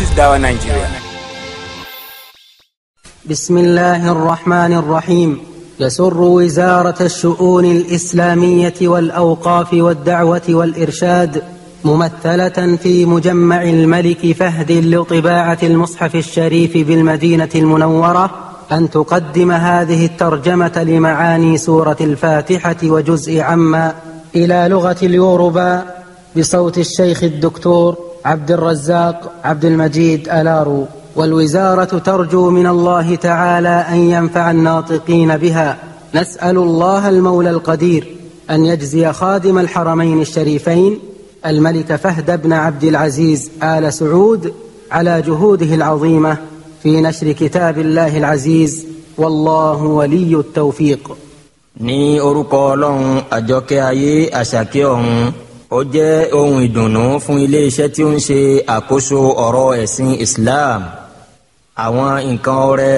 is Dawa Nigeria. بسم الله الرحمن الرحيم يسر وزارة الشؤون الإسلامية والأوقاف والدعوة والإرشاد ممثلة في مجمع الملك فهد لطباعة المصحف الشريف بالمدينة المنورة أن تقدم هذه الترجمة لمعاني سورة الفاتحة وجزء عما إلى لغة اليوروبا بصوت الشيخ الدكتور عبد الرزاق عبد المجيد ألارو والوزارة ترجو من الله تعالى أن ينفع الناطقين بها نسأل الله المولى القدير أن يجزي خادم الحرمين الشريفين الملك فهد بن عبد العزيز آل سعود على جهوده العظيمة في نشر كتاب الله العزيز والله ولي التوفيق ní orúkọ ọlọ́run àjọkẹ́ ayé ó jẹ́ ohun ìdùnnú fún iléeṣẹ́ tí ó ń ṣe àkóso ọ̀rọ̀ ẹ̀sìn Islam àwọn nǹkan ọrẹ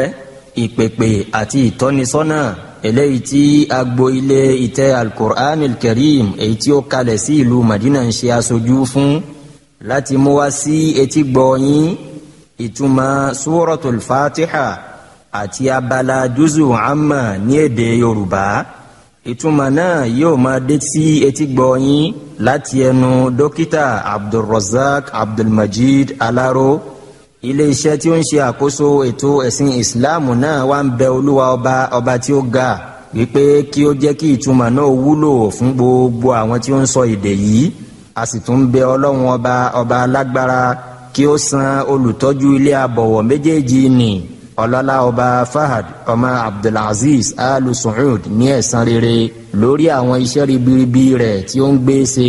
ìpèpè àti ìtọ́nisọ́nà eléyìí tí agbo ilé ìtẹ́ alukur'an kareem èyí tí ó kalẹ̀ sí ìlú Madina ń ṣe aṣojú fún láti mú wá sí etí gbọ̀nyìn ìtumọ̀ suratul fatiha àti abala juzu amma ní èdè Yorùbá ìtumọ̀ náà yóò máa dé sí etí gbọ̀nyín láti ẹnu dókítà abdulrozak abdulmajid alaro iléeṣẹ́ tí ó ń ṣe àkóso ètò ẹ̀sìn ìsìláàmù náà wá ń bẹ olúwa ọba ọba tí ó ga wípé kí ó jẹ́ kí ìtumọ̀ náà wúlò fún gbogbo àwọn tí ó ń sọ èdè yìí a sì tún bẹ ọlọ́run ọba ọba alágbára kí ó san olùtọ́jú ilé abọ̀wọ̀ méjèèjì nì ọlọ́lá ọba Fahad ọmọ Abdulaziz Al Saud ní ẹ̀san rere lórí àwọn iṣẹ́ ribiribi rẹ̀ tí ó ń gbé ṣe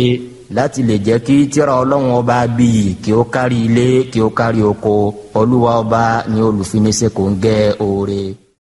láti lè jẹ́ kí tírà ọlọ́run ọba bíyì kí ó kárí ilé kí ó kárí oko olúwa ọba ni olùfinisẹ́ kò ń gẹ́ oore.